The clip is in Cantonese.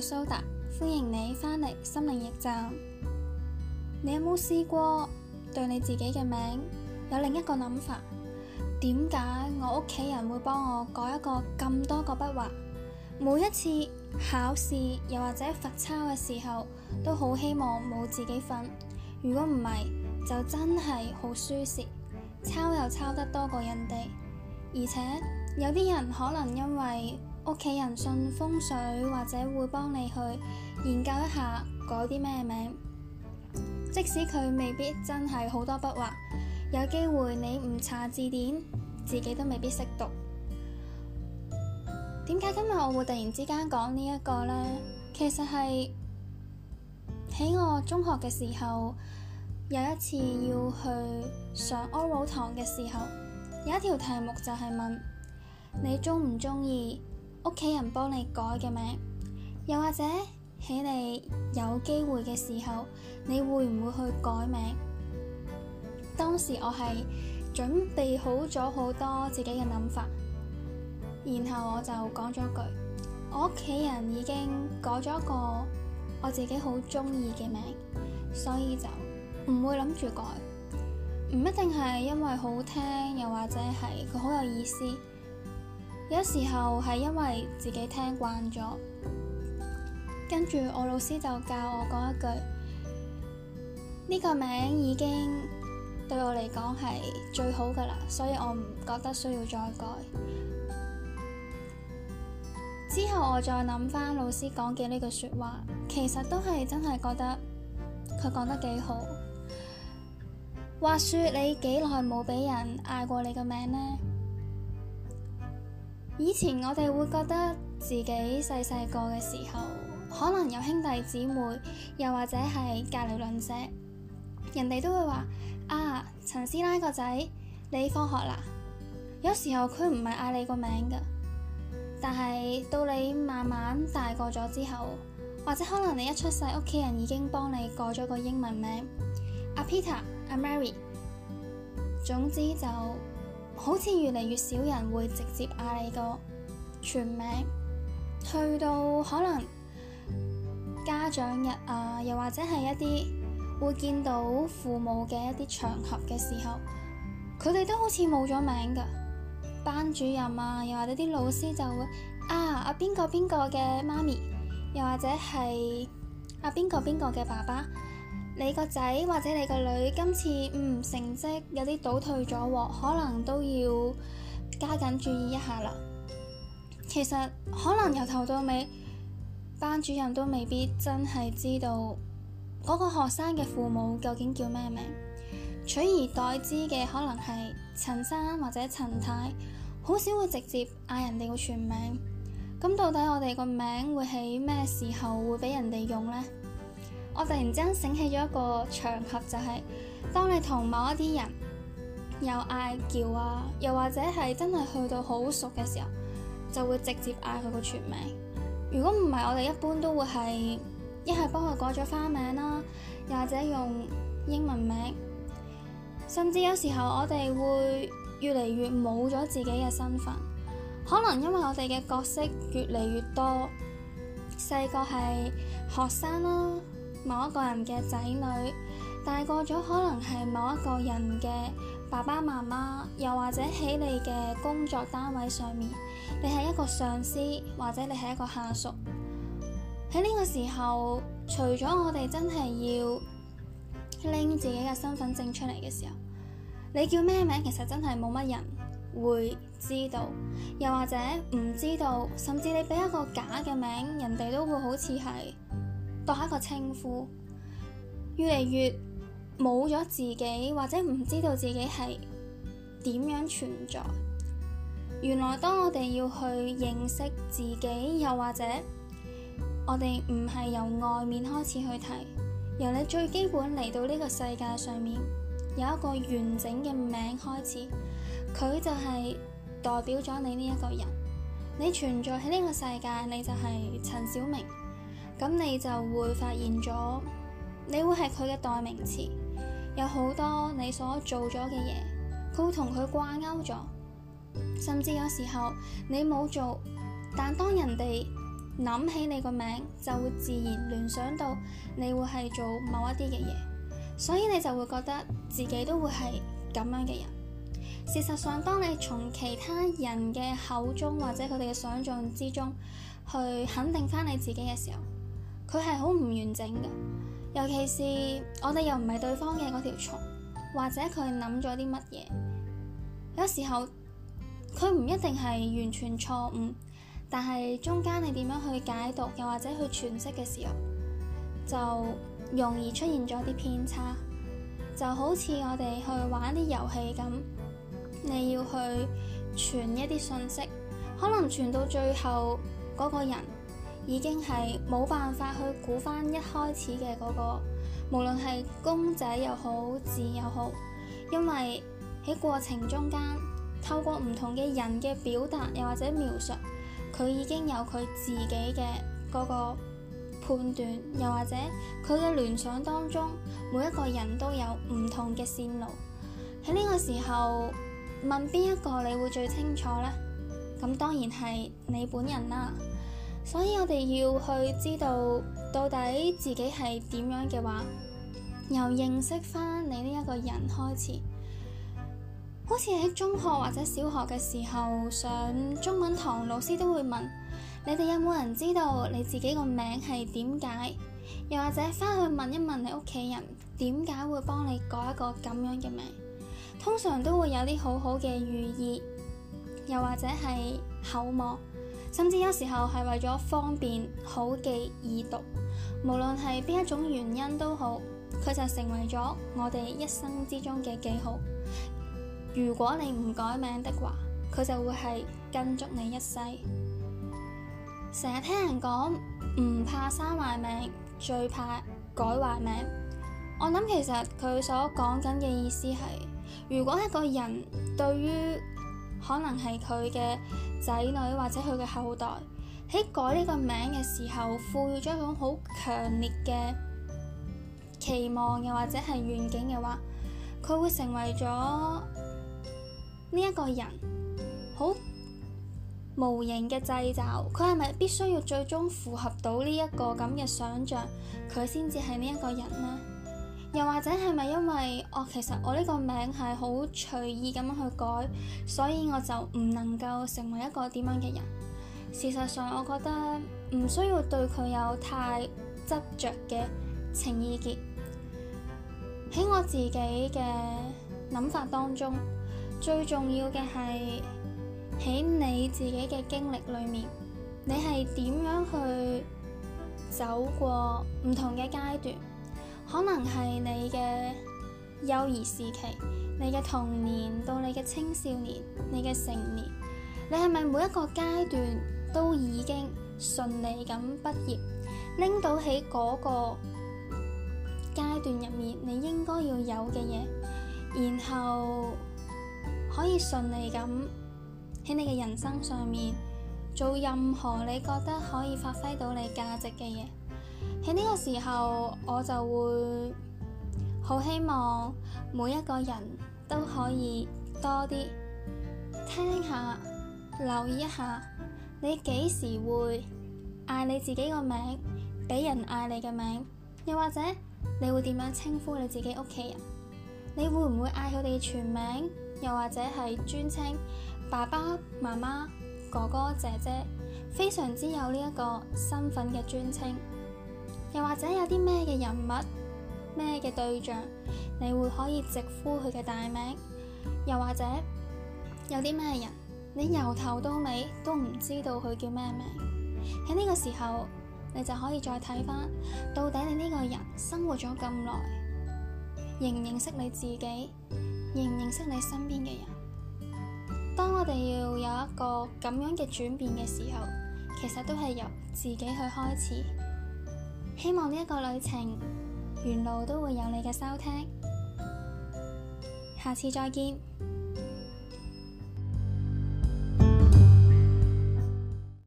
蘇達，歡迎你翻嚟心靈驛站。你有冇試過對你自己嘅名有另一個諗法？點解我屋企人會幫我改一個咁多個筆畫？每一次考試又或者罰抄嘅時候，都好希望冇自己份。如果唔係，就真係好輸蝕。抄又抄得多過人哋，而且有啲人可能因為，屋企人信風水，或者會幫你去研究一下改啲咩名。即使佢未必真係好多筆畫，有機會你唔查字典，自己都未必識讀。點解今日我會突然之間講呢一個呢？其實係喺我中學嘅時候，有一次要去上 oral 堂嘅時候，有一條題目就係問你鍾唔鍾意？屋企人幫你改嘅名，又或者喺你有機會嘅時候，你會唔會去改名？當時我係準備好咗好多自己嘅諗法，然後我就講咗句：我屋企人已經改咗個我自己好中意嘅名，所以就唔會諗住改，唔一定係因為好聽，又或者係佢好有意思。有時候係因為自己聽慣咗，跟住我老師就教我講一句，呢個名已經對我嚟講係最好㗎啦，所以我唔覺得需要再改。之後我再諗翻老師講嘅呢句説話，其實都係真係覺得佢講得幾好。話説你幾耐冇俾人嗌過你嘅名呢？以前我哋會覺得自己細細個嘅時候，可能有兄弟姊妹，又或者係隔籬鄰舍，人哋都會話：啊，陳師奶個仔，你放學啦、啊！有時候佢唔係嗌你個名噶，但係到你慢慢大個咗之後，或者可能你一出世，屋企人已經幫你改咗個英文名，阿 Peter、阿 Mary，總之就。好似越嚟越少人會直接嗌你個全名，去到可能家長日啊，又或者係一啲會見到父母嘅一啲場合嘅時候，佢哋都好似冇咗名㗎。班主任啊，又或者啲老師就會啊、啊邊個邊個嘅媽咪，又或者係啊邊個邊個嘅爸爸。你個仔或者你個女今次嗯成績有啲倒退咗，可能都要加緊注意一下啦。其實可能由頭到尾，班主任都未必真係知道嗰個學生嘅父母究竟叫咩名，取而代之嘅可能係陳生或者陳太，好少會直接嗌人哋個全名。咁到底我哋個名會喺咩時候會俾人哋用呢？我突然之間醒起咗一個場合，就係當你同某一啲人又嗌叫啊，又或者係真係去到好熟嘅時候，就會直接嗌佢個全名。如果唔係，我哋一般都會係一係幫佢改咗花名啦，又或者用英文名，甚至有時候我哋會越嚟越冇咗自己嘅身份。可能因為我哋嘅角色越嚟越多，細個係學生啦。某一個人嘅仔女大個咗，可能係某一個人嘅爸爸媽媽，又或者喺你嘅工作單位上面，你係一個上司，或者你係一個下屬。喺呢個時候，除咗我哋真係要拎自己嘅身份證出嚟嘅時候，你叫咩名，其實真係冇乜人會知道，又或者唔知道，甚至你俾一個假嘅名，人哋都會好似係。當一個稱呼，越嚟越冇咗自己，或者唔知道自己係點樣存在。原來當我哋要去認識自己，又或者我哋唔係由外面開始去睇，由你最基本嚟到呢個世界上面有一個完整嘅名開始，佢就係代表咗你呢一個人。你存在喺呢個世界，你就係陳小明。咁你就會發現咗，你會係佢嘅代名詞，有好多你所做咗嘅嘢，佢會同佢掛鈎咗。甚至有時候你冇做，但當人哋諗起你個名，就會自然聯想到你會係做某一啲嘅嘢，所以你就會覺得自己都會係咁樣嘅人。事實上，當你從其他人嘅口中或者佢哋嘅想象之中去肯定翻你自己嘅時候。佢係好唔完整嘅，尤其是我哋又唔係對方嘅嗰條蟲，或者佢諗咗啲乜嘢。有時候佢唔一定係完全錯誤，但係中間你點樣去解讀，又或者去詮釋嘅時候，就容易出現咗啲偏差。就好似我哋去玩啲遊戲咁，你要去傳一啲信息，可能傳到最後嗰個人。已經係冇辦法去估翻一開始嘅嗰個，無論係公仔又好，字又好，因為喺過程中間透過唔同嘅人嘅表達，又或者描述，佢已經有佢自己嘅嗰個判斷，又或者佢嘅聯想當中，每一個人都有唔同嘅線路。喺呢個時候，問邊一個你會最清楚呢？咁當然係你本人啦。所以我哋要去知道到底自己係點樣嘅話，由認識翻你呢一個人開始。好似喺中學或者小學嘅時候上中文堂，老師都會問你哋有冇人知道你自己個名係點解，又或者翻去問一問你屋企人點解會幫你改一個咁樣嘅名，通常都會有啲好好嘅寓意，又或者係口模。甚至有時候係為咗方便、好記、易讀，無論係邊一種原因都好，佢就成為咗我哋一生之中嘅記號。如果你唔改名的話，佢就會係跟足你一世。成日聽人講唔怕生壞命，最怕改壞名。我諗其實佢所講緊嘅意思係，如果一個人對於可能係佢嘅仔女或者佢嘅後代喺改呢個名嘅時候，賦予咗一種好強烈嘅期望，又或者係願景嘅話，佢會成為咗呢一個人，好無形嘅製造。佢係咪必須要最終符合到呢一個咁嘅想像，佢先至係呢一個人呢？又或者係咪因為我、哦、其實我呢個名係好隨意咁樣去改，所以我就唔能夠成為一個點樣嘅人？事實上，我覺得唔需要對佢有太執着嘅情意結。喺我自己嘅諗法當中，最重要嘅係喺你自己嘅經歷裡面，你係點樣去走過唔同嘅階段？可能係你嘅幼兒時期，你嘅童年到你嘅青少年，你嘅成年，你係咪每一個階段都已經順利咁畢業，拎到起嗰個階段入面你應該要有嘅嘢，然後可以順利咁喺你嘅人生上面做任何你覺得可以發揮到你價值嘅嘢。喺呢個時候，我就會好希望每一個人都可以多啲聽下，留意一下。你幾時會嗌你自己個名，俾人嗌你嘅名，又或者你會點樣稱呼你自己屋企人？你會唔會嗌佢哋全名？又或者係尊稱爸爸、媽媽、哥哥、姐姐，非常之有呢一個身份嘅尊稱。又或者有啲咩嘅人物、咩嘅對象，你會可以直呼佢嘅大名；又或者有啲咩人，你由頭到尾都唔知道佢叫咩名。喺呢個時候，你就可以再睇翻，到底你呢個人生活咗咁耐，認唔認識你自己，認唔認識你身邊嘅人？當我哋要有一個咁樣嘅轉變嘅時候，其實都係由自己去開始。希望呢一個旅程，沿路都會有你嘅收聽。下次再見。